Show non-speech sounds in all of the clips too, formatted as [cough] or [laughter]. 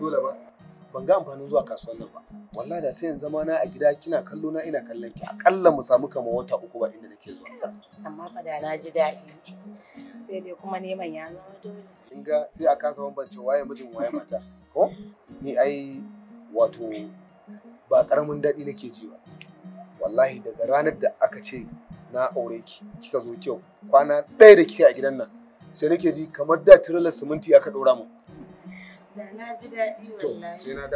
dole ba ban ga amfanin zuwa kasuwan nan ba wallahi da sai yanzu zama na a gida kina kallo na ina kallon ki akalla mu samu kamar wata uku ba inda nake zuwa amma fa da na ji daɗi sai dai kuma neman ya zama dole kin ga sai a kasa bambance waye mijin waye mata ko ni ai wato ba karamin daɗi nake ji ba wallahi daga ranar da aka ce na aure ki kika zo kyau kwana ɗaya da kika a gidan nan sai nake ji kamar da tirilar siminti aka ɗora mu Da na ji daɗi wallahi. sai na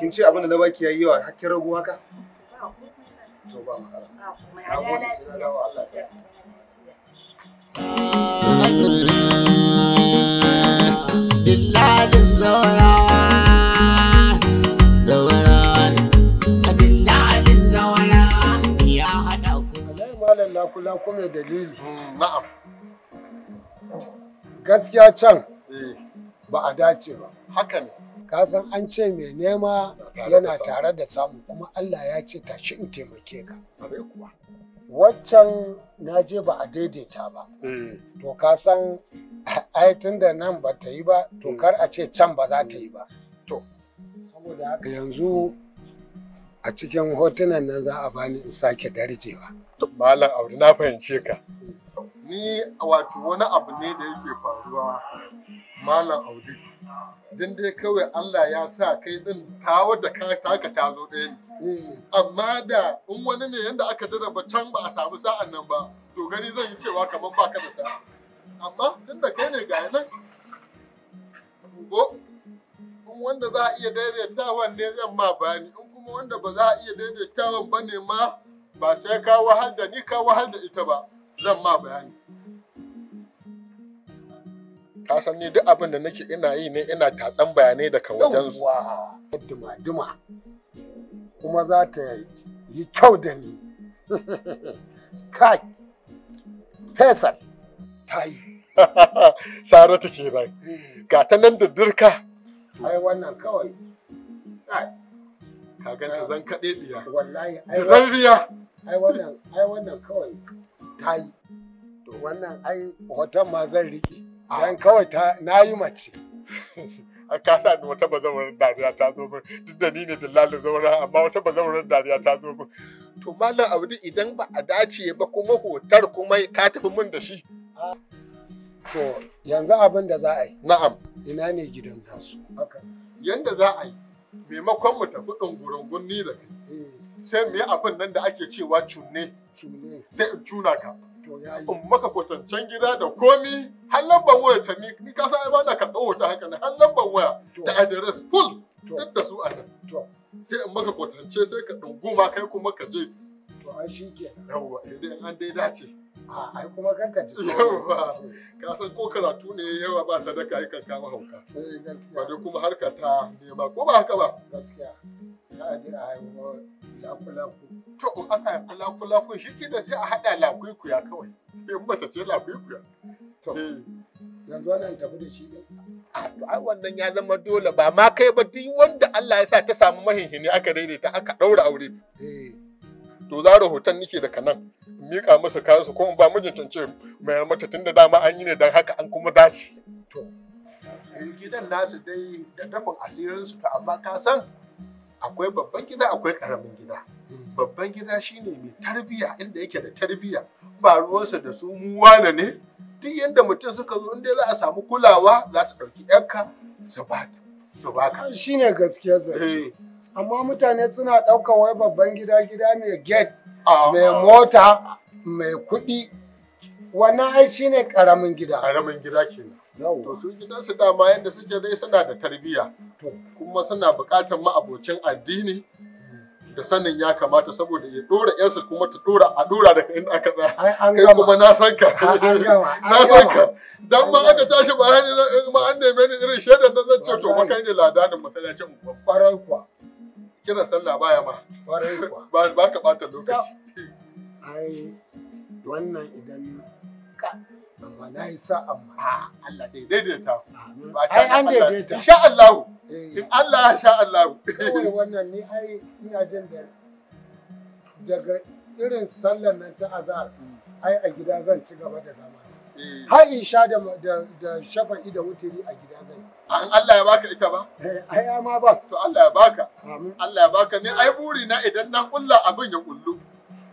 Kin ce abin da na baki yayi yawa hakkin rago haka? To ba matsala. Na gode sai na dawo Allah ya Dillalin kuma dalili. Mm, Gaskiya can. Eh. ba a dace ba haka ne ka san an ce mai nema yana tare da samu kuma Allah ya ce tashi in taimake ka kuwa waccan na je ba a daidaita ba eh. to ka san ai da nan ba ta yi ba to hmm. kar a ce can ba za ta yi ba to saboda haka yanzu a cikin hotunan nan za a bani in sake darjewa malam abu na fahimce ka hmm. ni wato wani abu ne da yake faruwa malam audi din dai kawai Allah ya sa kai din tawo da ka taka ta zo ɗaya ne eh. amma da in wani ne yanda aka ba can ba a samu sa'an nan ba to gani zan yi cewa kamar ka da sa'a amma da kai ne ga nan ko in wanda za a iya daidaitawan ne zan ma bani in kuma wanda ba za a iya daidaitawan ba ne ma ba sai ka wahal da ni ka wahal da ita ba zan ma bayani ka san ni duk abin da nake ina yi ne ina tatsan bayanai daga wajen su duma duma kuma za ta yi kyau da ni [laughs] kai fesal ta yi [laughs] saratu kenan hmm. ga ta nan da durka. ai wannan kawai ka ganta zan kaɗe ɗiya wallahi ai wannan ai wannan kawai ta yi to wannan ai hoton ma zan riƙe Dan kawai ta na yi mace. a kasa ni wata bazawarar dariya ta zo min duk da ni ne dillalin zaura amma wata bazawarar dariya ta zo min. To mallam abudu idan ba a dace ba kuma hotar kuma ta tafi min da shi. To yanzu abin da za a yi. Na'am. Ina ne gidan nasu. Yanda za a yi maimakon mu tafi ɗungurungun ni da kai. Hmm. Sai mu yi abin nan da ake cewa cunne. Cunne. Sai in cuna ka. in maka kwatancen gida da komi har lambar waya ta ni ni ka sai ba ka dawo ta haka ne har lambar waya da address full duk da su a nan sai in maka kwatance sai ka ma kai kuma ka je to ai shi yawa idan eh, an dai dace a ai kuma kanka ce yawwa ka san ko karatu ne yawa ba sadaka ai kan kama hauka eh, ba dai kuma harka ta nema ko ba haka ba gaskiya za a je a haihuwa To, in aka haifi lakulaku shi ke da sai a haɗa lakwikuya kawai. In mace ce lakwikuya. To, yanzu wannan tafi da shi Ai wannan ya zama dole ba ma kai ba duk wanda Allah ya sa ta samu mahinhini aka daidaita aka ɗaura aure. Eh. To za rahoton nike daga nan miƙa masa kayan kuma ba mijin tance mai tun da dama an yi ne don haka an kuma dace. To, gidan nasu dai da dafin asirinsu to amma ka san akwai babban gida akwai karamin gida hmm. babban gida shine mai tarbiya inda yake da tarbiya ba ruwansa da su muwana ne duk yadda mutum suka zo inda za a samu kulawa za su ɗauki yanka su ba su baka shine gaskiya zai eh. amma mutane suna ɗaukar wai babban gida gida mai gate ah. mai mota mai kuɗi wannan ai shine karamin gida karamin gida kenan to su gidansu dama yadda suke dai suna da tarbiyya kuma suna buƙatar ma'abocin addini hmm. da sanin ya kamata saboda ya dora yansu kuma ta dora a dora daga inda aka tsaya kai kuma na san ka na san ka dan ma aka tashi hani zan ma an neme ni irin shaida da zan ce to ba kai ne ladanin masallacin kwarai kuwa. kira sallah baya ma kwarai kuwa. [laughs] ba ka bata lokaci ai wannan idan ka na yi sa'a ma ah, Allah dai daidaita ba ta an daidaita insha Allah eh. in Allah sha Allah kawai wannan ni ai ina jin da daga irin sallar nan ta azhar hmm. ai a gida zan ci gaba da zama eh. har in sha da shafa'i da wuturi a gida zan. An ah, Allah ya baka ita ba? Eh, ai ya ma ba. To Allah ya baka. Allah ya baka ni ai buri na idan na kulla abin ya kullu.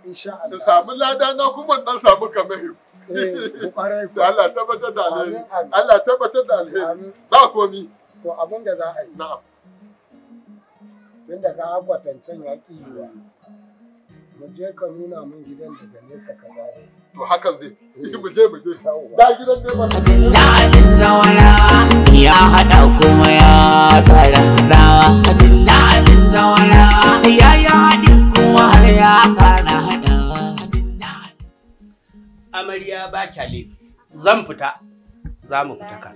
Insha Allah. Na samu lada na kuma na samu kamar Eh, Allah tabbatar da alheri Allah tabbatar da alheri ba komi to abin da za a yi na'am tunda ka akwatancen ya ƙi yiwa mu je ka nuna mun gidan daga nesa ka zare to hakan zai eh. mu je mu je da gidan da ba Abdullahi zawara ya hada kuma ya kara rawa ba kyale zan fita za mu fita ka.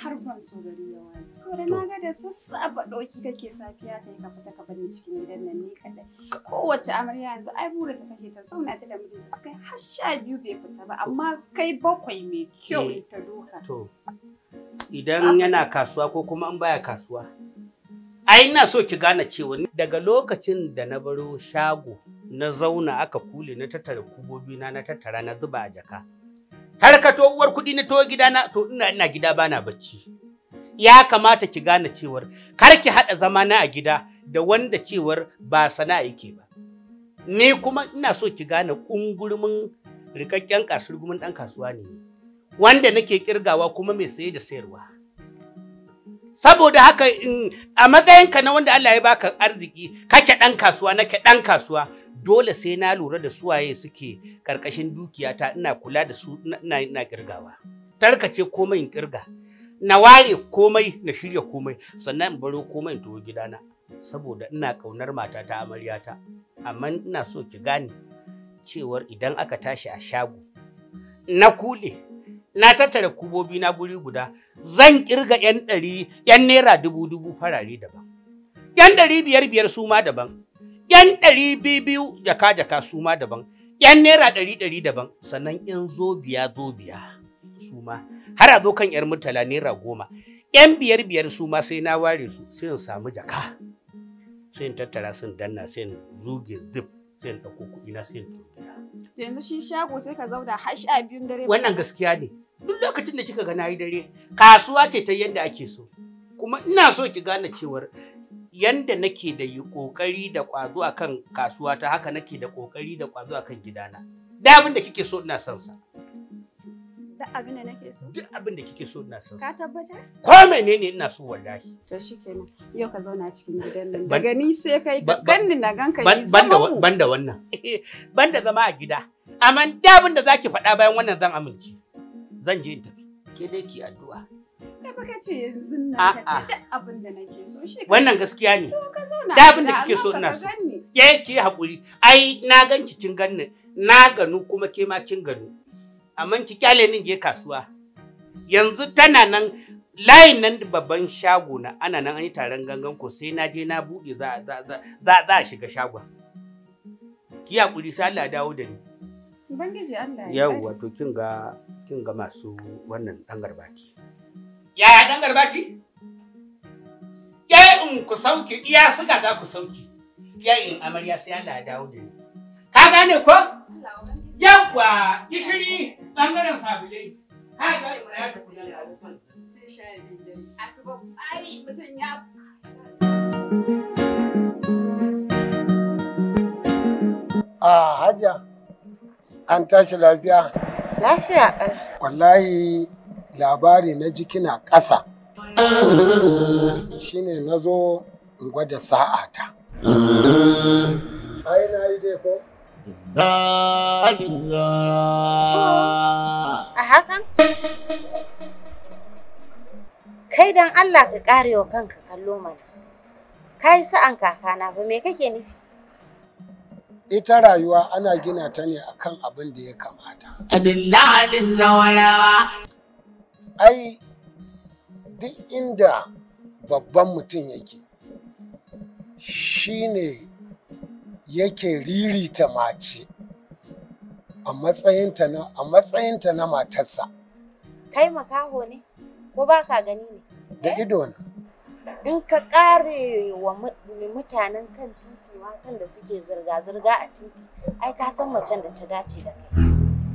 Har ban so gari ya wani. na ga da sassaba ɗauki kake safiya kai ka fita ka bani cikin gidan nan ni kaɗai. Kowace amarya yanzu ai burin ta kake ta zauna ta da mijinta suka kai har sha biyu bai fita ba amma kai bakwai mai kyau eh. ta doka. To idan yana kasuwa ko kuma an baya kasuwa. ai ina so ki gane cewa daga lokacin da na baro shago na zauna aka kule na tattara kubobi na na tattara na zuba a jaka harkato uwar kuɗi na to gida na to ina ina gida bana bacci ya kamata ki gane cewar kar ki haɗa zama na a gida da wanda cewar ba sana'a yake ba ni kuma ina so ki gane ƙungurmin rikakken kasurgumin ɗan kasuwa ne wanda nake kirgawa kuma mai saye da sayarwa saboda haka a matsayinka na wanda Allah ya baka arziki kake ɗan kasuwa nake ɗan kasuwa dole sai na lura da suwaye suke karkashin dukiyata ina kula da su ina ina kirgawa tarkace komai in kirga na ware komai na shirya komai sannan in baro komai in tuwo gidana saboda ina kaunar matata amaryata amma ina so ki gane cewar idan aka tashi a shago na kule na tattara kubobi na guri guda zan kirga yan ɗari yan naira dubu dubu farare daban yan ɗari biyar biyar su ma daban yan ɗari biyu biyu jaka jaka su ma daban yan naira ɗari ɗari daban sannan in zobiya zobiya su ma har a zo kan yar murtala naira goma yan biyar biyar su ma sai na ware su sai in samu jaka sai in tattara sun danna sai in zuge zip sai ɗauko kuɗi na sai in tafi Yanzu shi shago sai ka zauna har sha biyun dare. Wannan gaskiya ne. Duk lokacin da kika ga nayi dare kasuwa ce ta yadda ake so. Kuma ina so ki gane cewar yanda nake da yi ƙoƙari da ƙwazo akan kasuwa ta haka nake da kokari da ƙwazo akan gidana. Da abin da kike so ina son sa. Duk abin da nake kike so ina son. Ka tabbata? Ko menene ina so wallahi. To shikenan. Yau ka zauna cikin gidan nan. Daga ni sai kai ganni na ganka ni zaman mu. Banda wannan. [laughs] Banda zama a gida. Amma da abin da zaki faɗa bayan wannan zan amince. Zan je in tafi. Ke dai ki addu'a. Kai fa kace yanzu nan kace duk abin da nake so shi. Wannan gaskiya ne. To ka zauna. Da abin da kike so ina so. Ye ki hakuri. Ai na ganki kin ganni. Na ganu kuma ke ma kin ganu. amma ki kyale nin je kasuwa yanzu tana nan layin nan babban shago na ana nan an yi taron gangan ko sai na je na buɗe za za, za, a shiga shagon ki hakuri sai Allah dawo da ni ubangiji Allah ya yawa to kin ga kin ga masu wannan dan garbati yaya dan garbati Yaya in ku sauke iya suka za ku sauke Yaya in amarya sai Allah ya dawo da ni ka gane ko Yawwa gishiri ɓangaren sabulai. Haka Imra ya tafi da abokan. Sai sha biyu asuba ƙari mutum ya A Hajiya, an tashi lafiya? Lafiya ƙar. Wallahi labari na jikina ƙasa. Shine na zo in gwada sa'ata. Ai na yi dai ko? A hakan? Kai don Allah ka ƙare wa kanka kallo mana. Ka yi sa'an kakana ba me kake nufi? Ita rayuwa ana gina ta ne akan abin da ya kamata. Adillahalin zawarawa. Ai, duk inda babban mutum yake, shi ne yake ririta mace a matsayinta na a matsayinta na matarsa kai makaho ne ko ba ka gani ne da eh? ido na in ka kare wa mutanen kan titi matan da suke zirga-zirga a titi ai ka san macen da ta dace da kai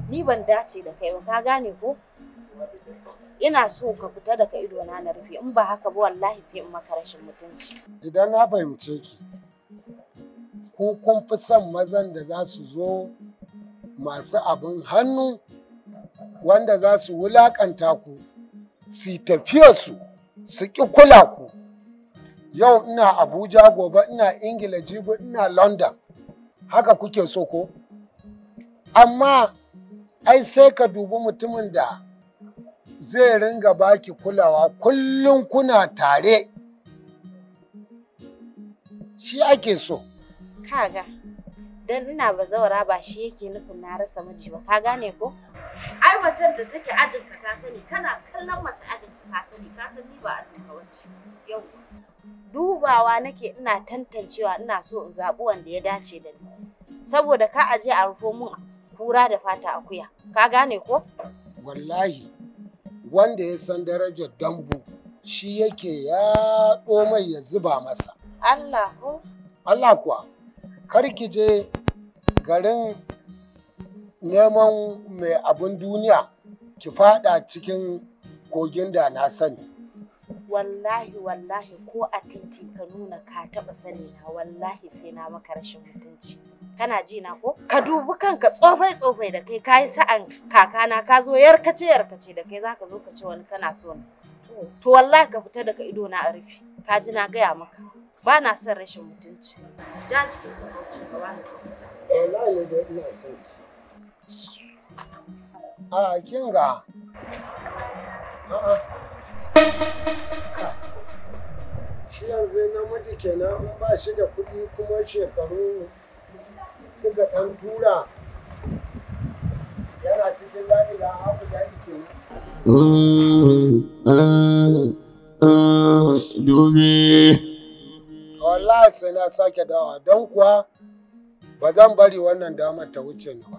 ni ban dace da kai ba ka gane ko ina so ka fita daga idona na rufe in ba haka ba wallahi sai in maka rashin mutunci idan na fahimce ki ku kun fi son mazan da za su zo masu abin hannu wanda za su wulaƙanta ku su tafiyarsu su ƙi kula ku yau ina abuja gobe ina ingila jibu ina london haka kuke so ko amma ai sai ka dubi mutumin da zai ringa baki kulawa kullum kuna tare shi ake so kaga dan ina bazawara ba shi yake nufin na rasa miji ba ka gane ko ai macen da take ajin ka ka sani kana kallon mace ajin ka ka sani ka san ni ba ajin ka wacce yau dubawa nake ina tantancewa ina so in zaɓi wanda ya dace da ni saboda ka aje a rufo mun kura da fata akuya ka gane ko wallahi wanda ya san darajar dambu shi yake yaɗo mai ya zuba masa Allah ko Allah kuwa kar ki je garin neman mai abin duniya ki fada cikin kogin da na sani wallahi wallahi ko a titi ka nuna ka taba sani na wallahi sai na maka rashin mutunci kana ji na ko ka dubi kanka tsofai tsofai da kai kayi sa'an kakana ka zo yarkace yarkace da kai zaka zo ka ce wani kana so to wallahi ka fita daga ido na a rufe ka ji na gaya maka ba na son rashin mutunci jaji ke kawancin ka ba wallahi ne ina son a kinga shi yanzu namiji kenan in ba shi da kuɗi kuma shekaru suka ɗan tura yana cikin la'ila haku da yi. Mm-hmm. Mm-hmm. Mm-hmm. sai na sake dawa don kuwa ba zan bari wannan damar ta wuce ni ba.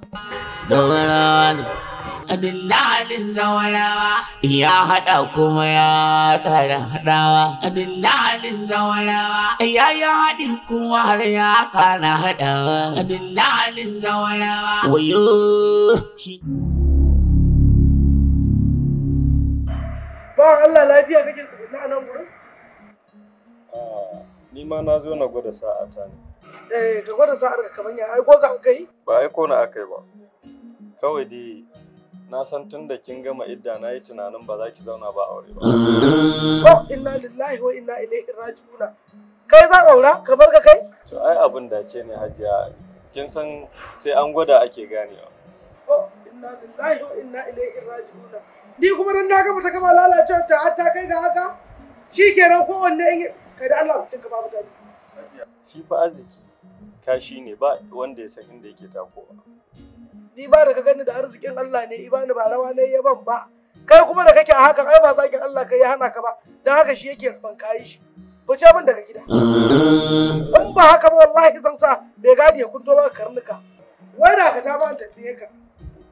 Zawarawa ne. Adillalin zawarawa ya haɗa kuma ya ƙara haɗawa. Adillalin zawarawa ya yi haɗi kuma har ya ƙara haɗawa. Adillalin zawarawa. Wayo shi. Ba Allah lafiya kake Ni ma na zo na gwada sa'a ta ne. Eh, ka gwada sa'ar ka kamar ya aiko ka aka yi? Ba aiko na aka yi ba. Kawai dai na san tun da kin gama idda na yi tunanin ba za ki zauna ba aure ba. Ba inna lillahi wa inna ilaihi raji'una. Kai za aura kamar ka kai? To ai abin dace ne hajiya. Kin san sai an gwada ake ganewa. Oh, lillahi wa inna Ni kuma ran na gama ta gama lalacewa ta har ta kai ga haka. Shi Shikenan kowanne in kai da Allah cin ka ba mutane shi fa arziki kashi ne ba wanda ya san inda yake takowa ni ba da ka gani da arzikin Allah ne ibani ba rawa ne yaban ba kai kuma da kake a hakan ai ba zakin Allah kai ya hana ka ba dan haka shi yake ban kayi shi fice min daga gida in ba haka ba wallahi zan sa bai gadi ya kunto ba karnuka wai da ka ta ba tafiye ka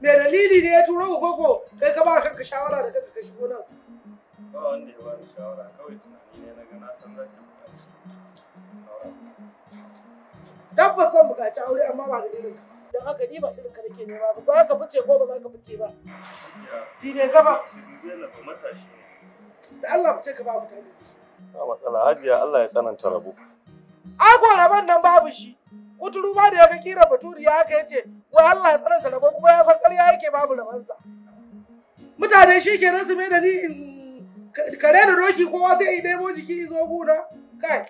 me dalili ne ya turo ko ko kai ka ba kanka shawara da kanka ka shigo nan ba wanda ya bani shawara kawai tunani ne na ga na san zaki buƙaci tabbas san buƙaci aure amma ba da irin don haka ni ba irin ka nake nema ba za ka fice ko ba za ka fice ba ti ne gaba da Allah fice ka ba mutane ba matsala hajiya Allah ya tsananta rabo agwa rabon nan babu shi kuturu ba da ya ga kira haka ya ce, yace wai Allah ya tsananta rabo kuma ya san ƙarya yake babu rabansa mutane shi ke su mai da ni in kare da doki kowa sai yi ɗebo jiki zo guda kai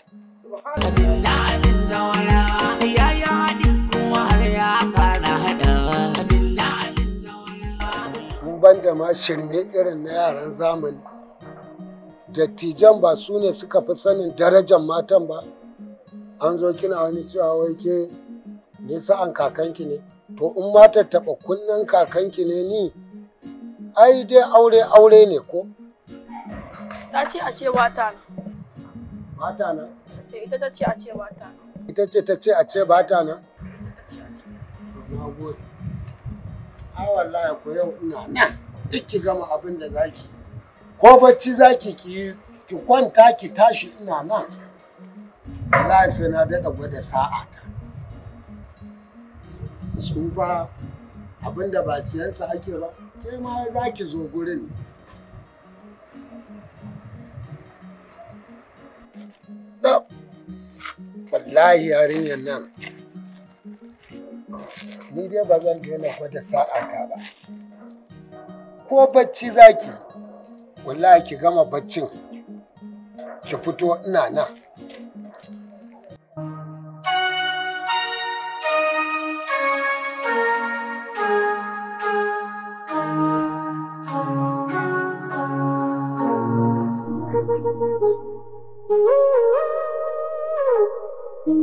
abin ya yi har ya abin da mun ban da ma shirme irin na yaran zamani dattijan ba su ne suka fi sanin darajar matan ba an zo kina wani cewa wai ke nisa an kakanki ne to in ma ta taɓa kunnen kakanki ne ni ai dai aure aure ne ko Ta ce a ce wata na. Wata na? Eh, ita ta ce a ce wata na. Ita ce ta ce a ce bata na? Na gode. Ai wallahi ko yau ina nan duk ki gama abin da zaki. Ko bacci za ki ki kwanta ki tashi ina nan. Wallahi sai na daɗa gwada sa'a ta. Su ba abin da ba siyansa ake ba, ke ma za ki zo gurin. wallahi yarinyar nan ni dai ba zan daina gwada sa'a ka ba ko bacci zaki wallahi ki gama baccin ki fito ina nan Ba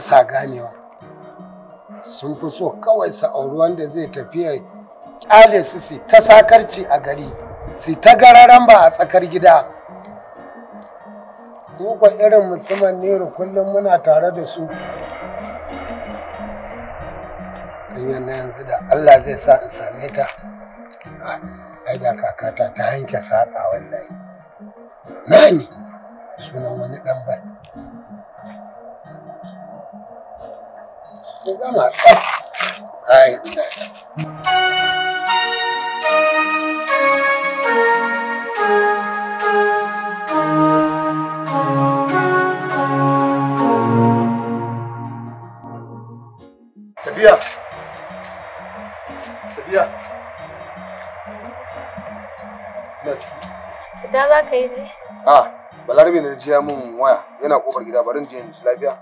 sa ganewa. Sun fi so kawai sa'auri wanda zai tafiya ƙyale su su ta sakarci a gari, su ta gararan ba a tsakar gida. Dukkan irin musamman ne kullum muna tare da su. duniyar na yanzu da Allah zai sa in same ta a da kakata ta hanke saƙa na ne sunan wani ɗan bai zama tsaf ai Ina za ka yi ne? Ah, Balarabe ne jiya min waya yana kofar gida barin jiya yanzu lafiya.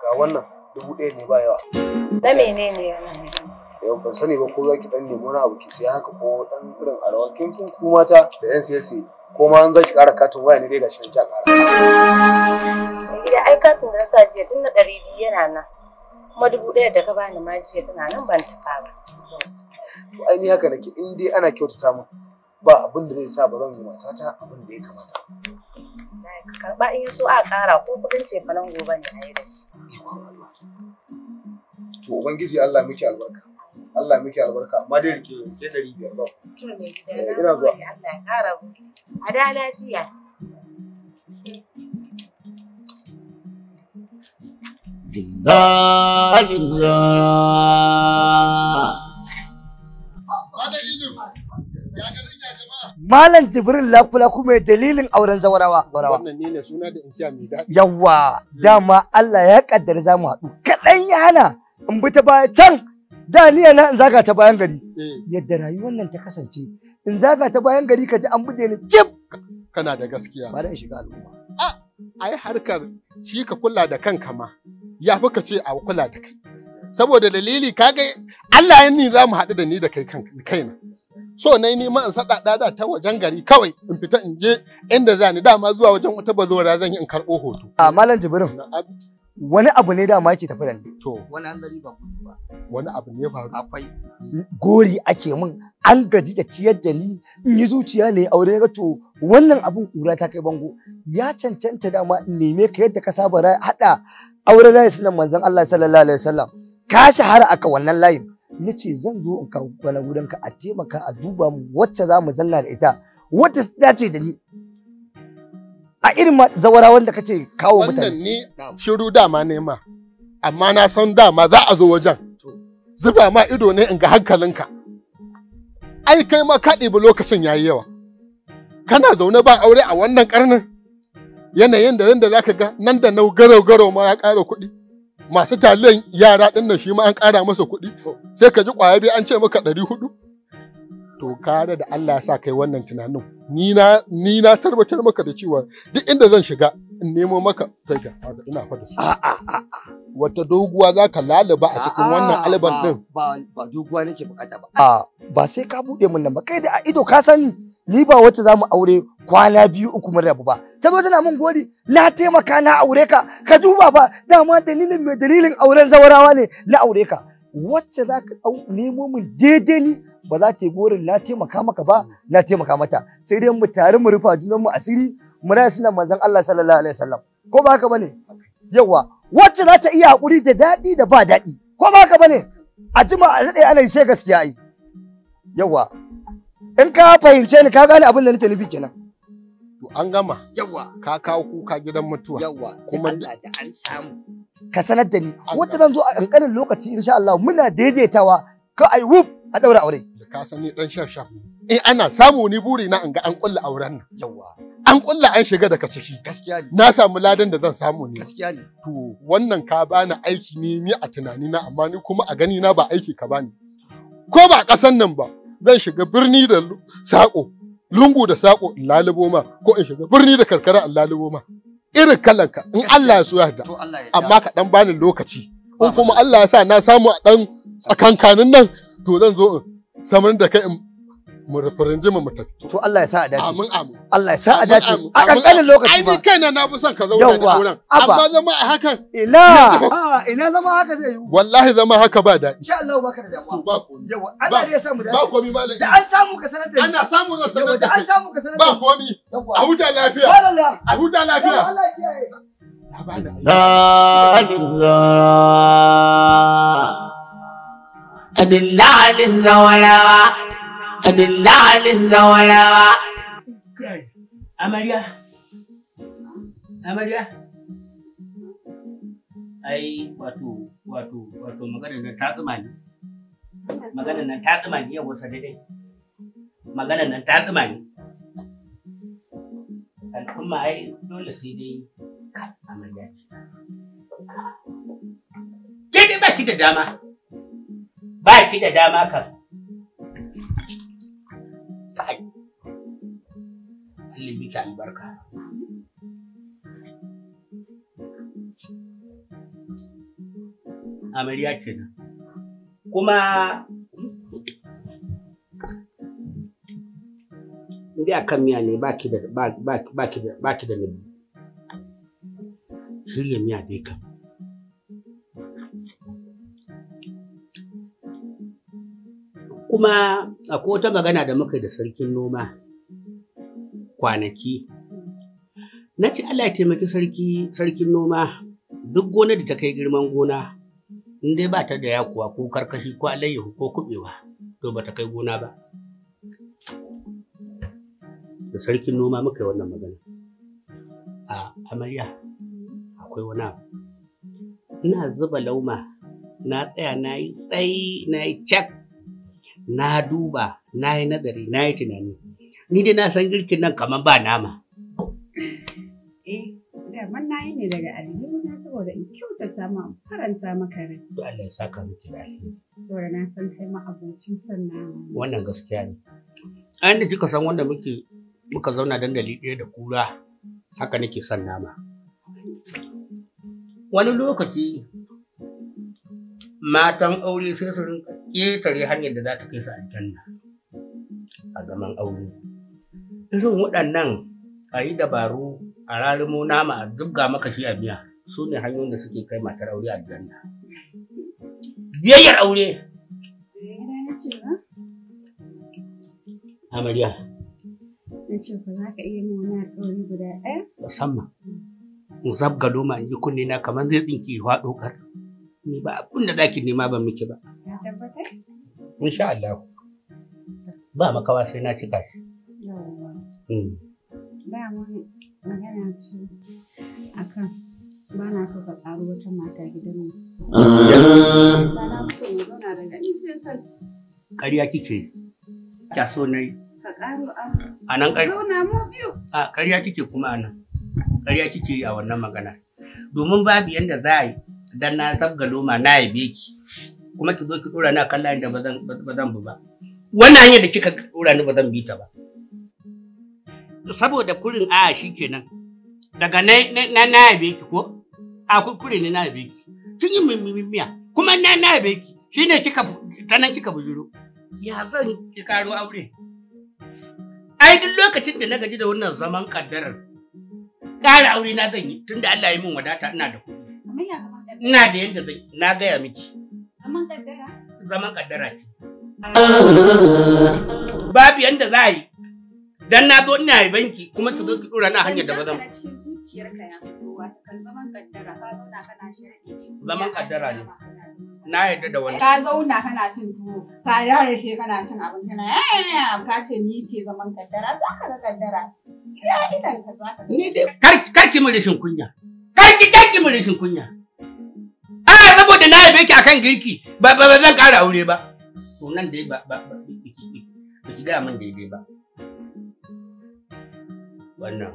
Ga wannan dubu ɗaya ne ba yawa. Na menene yana? Yau ban sani ba ko za ki ɗan nemi wani abu ki siya haka ko ɗan irin arawa kin san ku mata da 'yan siyasi ko ma an za ki ƙara katin waya ne dai gashi nan ki ƙara. Gida ai katin da sa jiya tun na ɗari biyu yana nan. Kuma dubu ɗaya da ka bani ma jiya tana nan ban taɓa ba. To ai ni haka nake in dai ana kyautata min ba abin da zai sa ba zan yi ta abin da ya kamata. Karɓa in so a ƙara ko kudin ce falon gobe ne a yi da shi. To Ubangiji Allah miki albarka. Allah miki albarka amma dai rike sai ɗari biyar ba. Eh, ina na zuwa. Allah ya ƙara mu. A da lafiya. Bizarre, bizarre. Malam Jibril Lakula kuma dalilin auren zawarawa. Wannan ne ne suna da inkiya mai daɗi. Yawwa, dama Allah ya kaddara za mu haɗu. Kaɗan ya hana in bi ta baya can da niya na in zaga ta bayan gari. Eh. Yadda rayuwar nan ta kasance in zaga ta bayan gari ka ji an buɗe ni kip. Kana da gaskiya. Ba da in shiga al'umma. A ai harkar shi ka kula da kanka ma ya fi ka ce a kula da kai. Saboda dalili kaga Allah ya ni za mu haɗu da ni da kai kaina. so na yi ma in saɗaɗa da ta wajen gari kawai in fita in je inda za ni dama zuwa wajen wata bazora zan yi in karɓo hoto. A ah, malam Jibrin. Wani abu ne dama ke tafi da ni. To. Wani gari ban gudu ba. Wani abu ne faru. Akwai. Gori ake min an gaji da ciyar da ni in yi zuciya ne aure ga to wannan abun kura ta kai bango ya cancanta dama in neme ka yadda ka saba haɗa auren layi sunan manzon Allah sallallahu alaihi wasallam ka shahara aka wannan layin na ce zan zo in kawo kwana gudanka a taimaka a duba mu wacce za mu zanna da ita wacce ta dace da ni a irin zawara wanda kace kawo mutane wannan ni shiru dama ne ma amma na san dama za a zo wajen zuba ma ido ne in ga hankalinka ai kai ma kaɗe ba lokacin yayi yawa kana zaune ba aure a wannan karnin yanayin da yanda zaka ga nan da nau garo garo ma ya ƙara kuɗi masu talen yara ɗin nan shi ma an ƙara masa kuɗi sai ka ji ƙwaya an ce maka ɗari hudu to kare da Allah ya sa kai wannan tunanin ni na ni na tabbatar maka da cewa duk inda zan shiga in nemo maka kai ka ina fada a a a wata doguwa za ka lalaba a cikin wannan alban din ba doguwa nake bukata ba a ba sai ka bude mun nan ba kai da ido ka sani ni ba wacce za mu aure kwana biyu uku mun rabu ba ta zo tana min gori na taimaka na aure ka ka duba ba. dama dalilin mai dalilin auren zawarawa ne na aure ka wacce za ka nemo min daidai ni ba za ta yi gorin na taimaka maka ba na taimaka mata sai dai mu tare mu rufa junanmu asiri mu raya sunan manzon Allah sallallahu alaihi wasallam ko ba haka bane yawa wacce za ta iya hakuri da daɗi da ba daɗi ko ba haka bane a jima a daɗe ana yi sai gaskiya ai yawa in ka fahimce ni ka gane abin da nake nufi kenan to an gama yawa ka kawo kuka gidan mutuwa yawa kuma Allah da an samu ka sanar da ni wata zan zo a kankanin lokaci insha Allah muna daidaitawa ka ai wuf a daura aure ka san ni dan shaf shaf eh ana samu ni buri na in ga an kulla auren nan yawa an kulla an shiga daga ciki gaskiya ne na samu ladan da zan samu ne gaskiya ne to wannan ka bani aiki ne ni a tunani na amma ni kuma a gani na ba aiki ka bani ko ba kasan nan ba zan shiga birni da saƙo lungu da saƙo in lalubo ma ko in shiga birni da karkara in lalubo ma irin kalanka in Allah ya so ya da amma ka dan bani lokaci in kuma Allah ya sa na samu a dan tsakankanin nan to zan zo in samar da kai in mu jima mu tafi. To Allah ya sa a dace. Amin amin. Allah ya sa a dace. A kankanin lokaci ba. Ai ni kaina na fi son ka zauna da auren. Amma zama a hakan. Ila [laughs] ah, ina zama haka zai yiwu. Wallahi zama haka ba daɗi. Insha Allah baka da damuwa. Ba komi. Yawa Allah ya sa mu dace. Ba komi malam. Da an samu ka sanar da ni. Ana samu zan sanar da da an samu ka sanar da Ba komi. A huta lafiya. A huta lafiya. Allah ya kiyaye. La ilaha illallah. dillalin zawarawa. Amarya, amarya, ai wato wato wato maganar nan ta tsuma ne. Maganar nan ta tsuma ne yau dai daidai. Maganar nan ta tsuma ne. Al'umma ai dole sai dai amarya ce. Ke ba ki da dama, ba ki da dama kan. zai miki albarka amarya kenan kuma dai akan miya ne baki da baki da baki da nabi shirya miya dai kam kuma akwai wata magana da muka da sarkin noma kwanaki na ci Allah ya taimaki sarki sarkin noma duk gonar da ta kai girman gona in dai ba ta da yakuwa ko karkashi ko alayyahu ko kubewa to ba ta kai gona ba da sarkin noma muka yi wannan magana a amarya akwai wani abu ina zuba lauma na tsaya na yi tsayi na yi cak na duba na yi nazari na yi tunani Ni dai na san girkin nan kamar ba nama. Eh, na yi ne daga aljihu saboda in kyautata ma faranta maka rai. Allah ya saka miki da alheri. na san kai ma abocin sannan. Wannan gaskiya ne. A yanda kika san wanda muke muka zauna dandali ɗaya da kura haka nake son nama. Wani lokaci matan aure sai su rinka ƙetare hanyar da za ta kai su aljanna a zaman aure. irin waɗannan a yi dabaru a rarimo nama a dubga maka shi a miya su ne hanyoyin da suke kai matar aure a aljanna biyayyar aure amarya na ce ba za ka iya nuna wani alƙawari guda ɗaya musamman in zabga loma in yi kunne na kamar zai tsinki faɗo ɗokar. ni ba abin da zaki nema ban miki ba ya tabbatar insha Allah ba makawa sai na cika shi Mm. Dama magana akan ba na so ka wata mata gidan mu. Ba na so mu zauna sai ta. Ƙarya kike. Kya so Ka a nan Zauna mu biyu. A kike kuma a nan. kike a wannan magana. Domin babu yadda za a yi dan na loma na yabe ki. Kuma ki zo ki ɗora na kan da ba zan ba. Wannan hanyar da kika ɗora ni ba zan bi ta ba. saboda kurin aya shi kenan daga na na yabe ki ko a kure ne na yabe ki tun yi mimimiya kuma na na yabe ki shine kika tanan kika bujuro ya zan ki karo aure ai duk lokacin da na gaji da wannan zaman kaddarar ƙara aure na zan yi tunda Allah ya min wadata ina da kuɗi ina da yanda zan na gaya miki zaman kaddara zaman kaddara ce babu yadda za a yi dan na zo ina yaban ki kuma ki zo ki dora na hanyar da ba zan kan zaman kaddara kana zaman kaddara ne na yadda da wani ka zauna kana cin tuwo ka yare ke kana cin abinci na ka ce ni ce zaman kaddara za ka ga kaddara kira idan ka za ka ni dai kar kar ki mun rashin kunya kar ki kar ki mun rashin kunya a saboda na yabe ki akan girki ba ba zan kara aure ba to nan dai ba ba ba ki ga min daidai ba wannan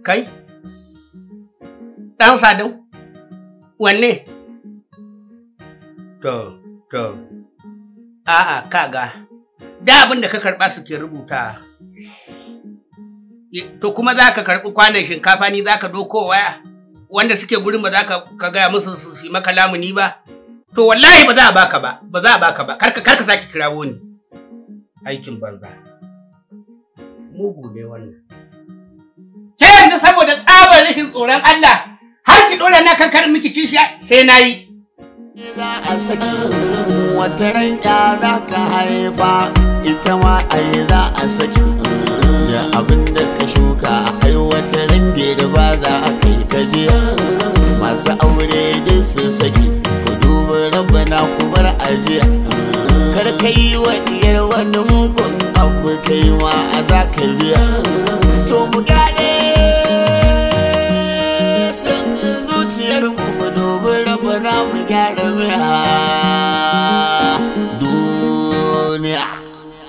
kai ɗan sadu wanne to to a'a kaga da abin da ka karɓa suke rubuta to kuma za ka karɓi kwanan shinkafa ni za ka doko waya wanda suke gurin ba za ka gaya musu su yi maka lamuni ba to wallahi ba za a baka ba ba za a baka ba kar ka sake kirawo ni aikin banza mugu ne wannan ke yanzu saboda tsabar rashin tsoron Allah har ki dora na kankar miki kishiya sai na za a saki wata ran ya za ka haifa ita ma ai za a saki ya abin da ka shuka ai wata ran ba za a kai ka je? masu aure dai su saki ku duba rabba ku bar ajiya kar ka yi wa diyar wani mugun abu kai ma a za ka biya to mu gane san zuciyar mu mu domin rabu na mu gyara